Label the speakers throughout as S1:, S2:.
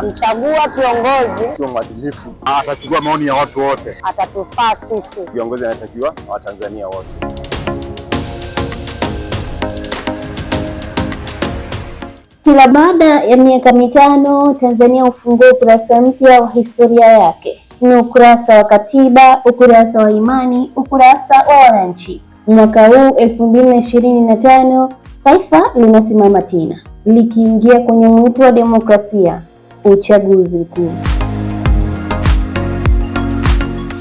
S1: Tutamchagua kiongozi mwadilifu, atachukua maoni ya watu wote, atatufaa sisi. Kiongozi anatakiwa Watanzania wote. Kila baada ya miaka mitano Tanzania hufungua ukurasa mpya wa historia yake. Ni ukurasa wa katiba, ukurasa wa imani, ukurasa wa wananchi. Mwaka huu elfu mbili na ishirini na tano taifa linasimama tena likiingia kwenye mwito wa demokrasia uchaguzi mkuu.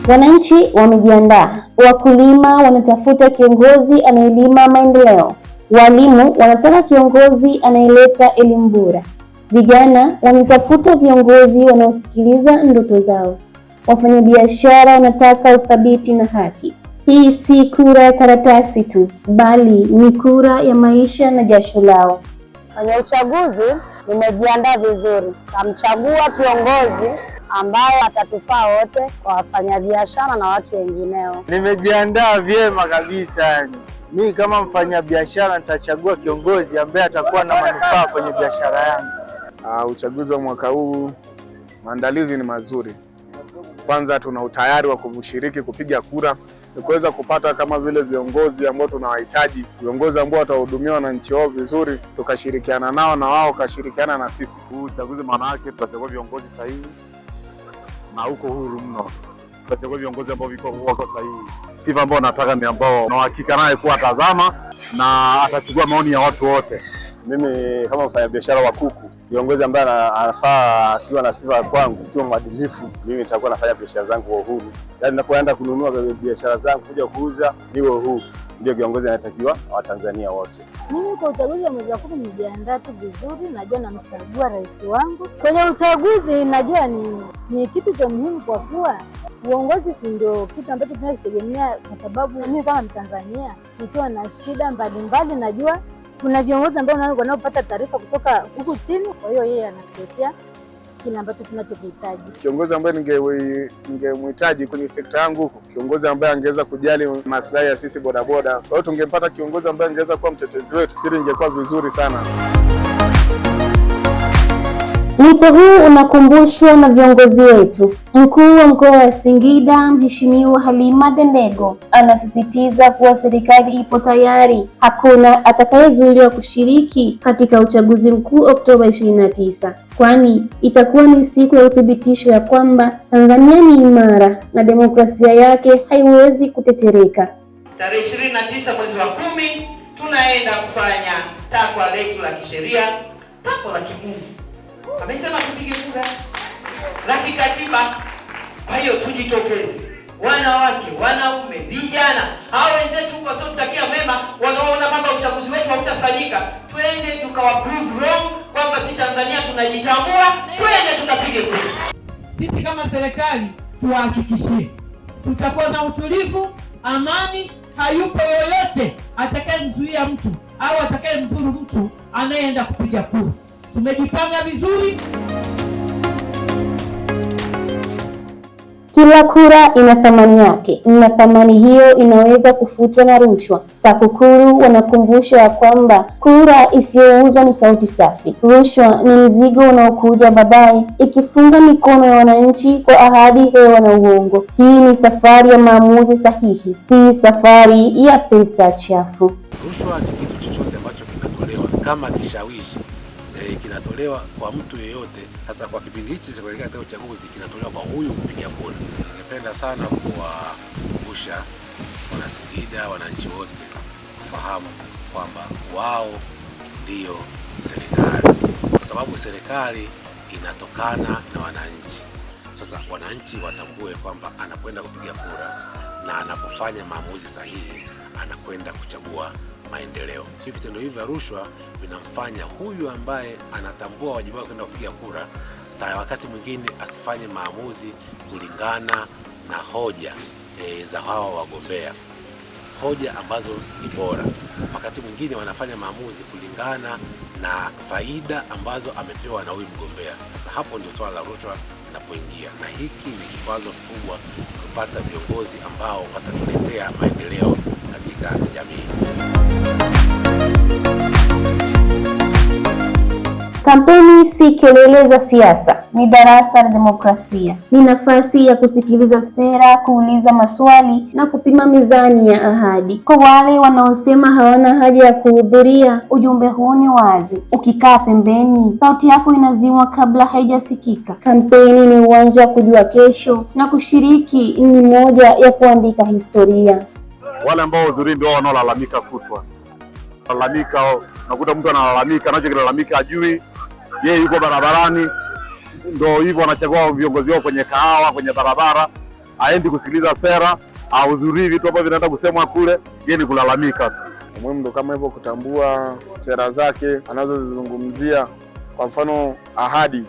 S1: Wananchi wamejiandaa, wakulima wanatafuta kiongozi anayelima maendeleo, walimu wanataka kiongozi anayeleta elimu bora, vijana wanatafuta viongozi wanaosikiliza ndoto zao, wafanyabiashara wanataka uthabiti na haki. Hii si kura ya karatasi tu, bali ni kura ya maisha na jasho lao. Kwenye uchaguzi nimejiandaa vizuri, tamchagua kiongozi ambaye atatufaa wote kwa wafanyabiashara na watu wengineo.
S2: Nimejiandaa vyema kabisa yani. mi kama mfanyabiashara nitachagua kiongozi ambaye atakuwa na manufaa kwenye biashara yangu.
S3: Uh, uchaguzi wa mwaka huu maandalizi ni mazuri. Kwanza tuna utayari wa kushiriki kupiga kura ni kuweza kupata kama vile viongozi ambao tunawahitaji, viongozi ambao watahudumia wananchi wao vizuri, tukashirikiana nao na wao wakashirikiana na sisi.
S4: Huu uchaguzi maana yake tutachagua viongozi sahihi na huko huru mno, tutachagua viongozi ambao wako sahihi.
S3: Sifa ambao nataka ni ambao na naye kuwa atazama na atachukua maoni ya watu wote.
S5: Mimi kama mfanyabiashara wa kuku, kiongozi ambaye anafaa akiwa na sifa kwangu, kiwa mwadilifu, mimi nitakuwa nafanya biashara zangu kwa uhuru, yaani napoenda kununua biashara zangu kuja kuuza niwe uhuru. Ndio kiongozi anatakiwa Watanzania wote.
S6: Mimi kwa uchaguzi wa mwezi wa kumi nijiandaa tu vizuri, najua namchagua rais wangu kwenye uchaguzi. Najua ni, ni kitu cha muhimu kwa kuwa uongozi si ndio kitu ambacho tunakitegemea, kwa sababu mimi kama Mtanzania nikiwa na shida mbalimbali, najua kuna viongozi ambao wanaopata taarifa kutoka huku chini, kwa hiyo yeye anatuletea kile ambacho tunachokihitaji.
S3: Kiongozi ambaye ningemhitaji kwenye sekta yangu huko, kiongozi ambaye angeweza kujali maslahi ya sisi bodaboda. Kwa hiyo tungempata kiongozi ambaye angeweza kuwa mtetezi wetu, ili ingekuwa vizuri sana.
S7: Wito huu unakumbushwa na viongozi wetu. Mkuu wa mkoa wa Singida, Mheshimiwa Halima Dendego, anasisitiza kuwa serikali ipo tayari, hakuna atakayezuiliwa kushiriki katika uchaguzi mkuu Oktoba 29, kwani itakuwa ni siku ya uthibitisho ya kwamba Tanzania ni imara na demokrasia yake haiwezi kutetereka.
S8: Tarehe 29 mwezi wa kumi tunaenda kufanya takwa letu la kisheria, takwa la kimungu amesema tupige kura la kikatiba. Kwa hiyo tujitokeze, wanawake, wanaume, vijana, hao wenzetu huko wasiotakia mema, wanaona kwamba uchaguzi wetu hautafanyika, twende tukawa prove wrong kwamba si Tanzania tunajitambua, twende tukapige kura.
S9: Sisi kama serikali tuwahakikishie tutakuwa na utulivu, amani. Hayupo yoyote atakayemzuia mtu au atakayemdhuru mtu anayeenda kupiga kura. Tumejipanga vizuri.
S10: Kila kura ina thamani yake, na thamani hiyo inaweza kufutwa na rushwa. TAKUKURU wanakumbusha ya kwamba kura isiyouzwa ni sauti safi. Rushwa ni mzigo unaokuja baadaye, ikifunga mikono ya wananchi kwa ahadi hewa na uongo. Hii ni safari ya maamuzi sahihi, si safari ya pesa chafu.
S11: Rushwa ni kitu chochote ambacho kinatolewa kama kishawishi e, kinatolewa kwa mtu yeyote. hasa kwa kipindi hichi cha kuelekea katika uchaguzi kinatolewa kwa huyu kupiga kura. Ningependa sana kuwakumbusha Wanasigida, wananchi wote kufahamu kwamba wao ndiyo serikali, kwa sababu serikali inatokana na wananchi. Sasa wananchi watambue kwamba anakwenda kupiga kura na anapofanya maamuzi sahihi anakwenda kuchagua maendeleo. Hivi vitendo hivi vya rushwa vinamfanya huyu ambaye anatambua wajibu wake kwenda kupiga kura, saa wakati mwingine asifanye maamuzi kulingana na hoja e, za hawa wagombea, hoja ambazo ni bora. Wakati mwingine wanafanya maamuzi kulingana na faida ambazo amepewa na huyu mgombea. Sasa hapo ndio swala la rushwa linapoingia, na hiki ni kikwazo kikubwa kupata viongozi ambao watatuletea maendeleo katika jamii.
S12: Kampeni si kelele za siasa, ni darasa la demokrasia, ni nafasi ya kusikiliza sera, kuuliza maswali na kupima mizani ya ahadi. Kwa wale wanaosema hawana haja ya kuhudhuria, ujumbe huu ni wazi: ukikaa pembeni, sauti yako inazimwa kabla haijasikika. Kampeni ni uwanja wa kujua kesho, na kushiriki ni moja ya kuandika historia.
S3: Wale ambao wazuri ndio wanaolalamika kutwa lalamika, unakuta mtu analalamika, anachokilalamika ajui yeye yuko barabarani, ndo hivyo anachagua viongozi wao kwenye kahawa, kwenye barabara, aendi kusikiliza sera, ahudhurii vitu ambavyo vinaenda kusemwa kule, yeye ni kulalamika tu. Muhimu ndo kama hivyo, kutambua sera zake anazozizungumzia, kwa mfano ahadi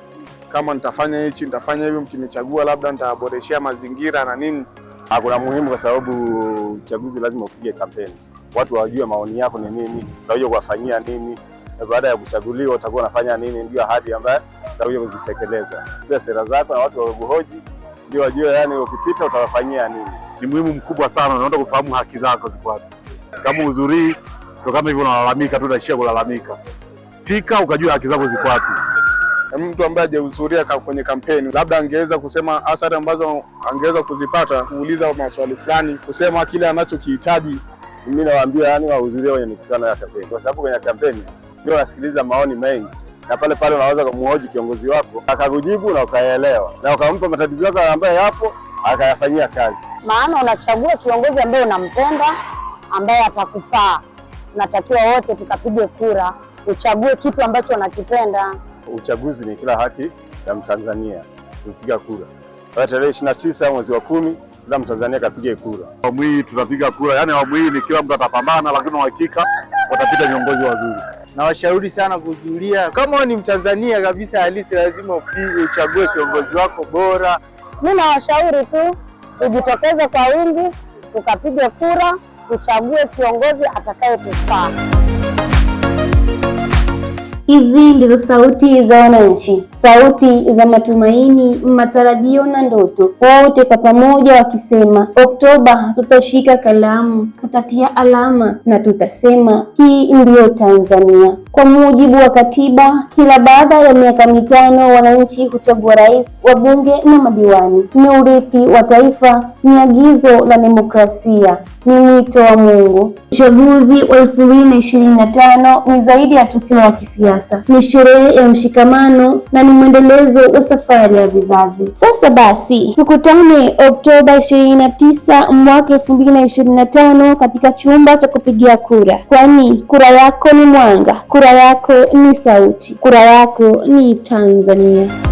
S3: kama nitafanya hichi nitafanya hivyo, mkinichagua labda nitaboreshea mazingira na nini. hakuna ah, muhimu kwa sababu uchaguzi lazima upige kampeni, watu wajue maoni yako ni nini, unaweza kuwafanyia nini. Eh, baada ya kuchaguliwa utakuwa unafanya nini, ndio ahadi ambayo utakuja kuzitekeleza. Pia sera zako na watu wa wakuhoji ndio wajue, yani ukipita utawafanyia nini. Ni muhimu mkubwa sana, unaenda kufahamu haki zako ziko wapi. Kama hudhurii ndio kama hivyo, unalalamika tu, unaishia kulalamika. Fika ukajua haki zako ziko wapi. Mtu ambaye hajahudhuria kwenye kampeni labda angeweza kusema athari ambazo angeweza kuzipata, kuuliza maswali fulani, kusema kile anachokihitaji. Mimi nawaambia yani wahudhurie kwenye mikutano ya kampeni, kwa sababu kwenye kampeni ndio unasikiliza maoni mengi na pale pale unaweza kumhoji kiongozi wako akakujibu na ukaelewa na ukampa matatizo yako ambayo yapo akayafanyia kazi.
S6: Maana unachagua kiongozi ambaye unampenda ambaye atakufaa. Natakiwa wote tukapige kura, uchague kitu ambacho unakipenda.
S5: Uchaguzi ni kila haki ya Mtanzania kupiga kura. Tarehe ishirini na tisa mwezi wa kumi kila Mtanzania akapige kura.
S3: Awamu hii tunapiga kura, yani awamu hii ni kila mtu atapambana, lakini uhakika watapita viongozi wazuri
S2: nawashauri sana kuzulia. Kama ni Mtanzania kabisa halisi, lazima upige uchague kiongozi wako bora.
S6: mi nawashauri tu ujitokeze kwa wingi, tukapiga kura, tuchague kiongozi atakayetufaa.
S13: Hizi ndizo sauti za wananchi, sauti za matumaini, matarajio na ndoto, wote kwa pamoja wakisema, Oktoba tutashika kalamu, tutatia alama na tutasema hii ndiyo Tanzania. Kwa mujibu wa katiba, kila baada ya miaka mitano wananchi huchagua rais, wabunge na madiwani. Ni urithi wa taifa, ni agizo la demokrasia, ni mwito wa Mungu. Uchaguzi wa elfu mbili na ishirini na tano ni zaidi ya tukio la kisiasa, ni sherehe ya mshikamano na ni mwendelezo wa safari ya vizazi. Sasa basi, tukutane Oktoba 29 mwaka 2025 katika chumba cha kupigia kura, kwani kura yako ni mwanga kura Kura yako ni sauti, kura yako ni Tanzania.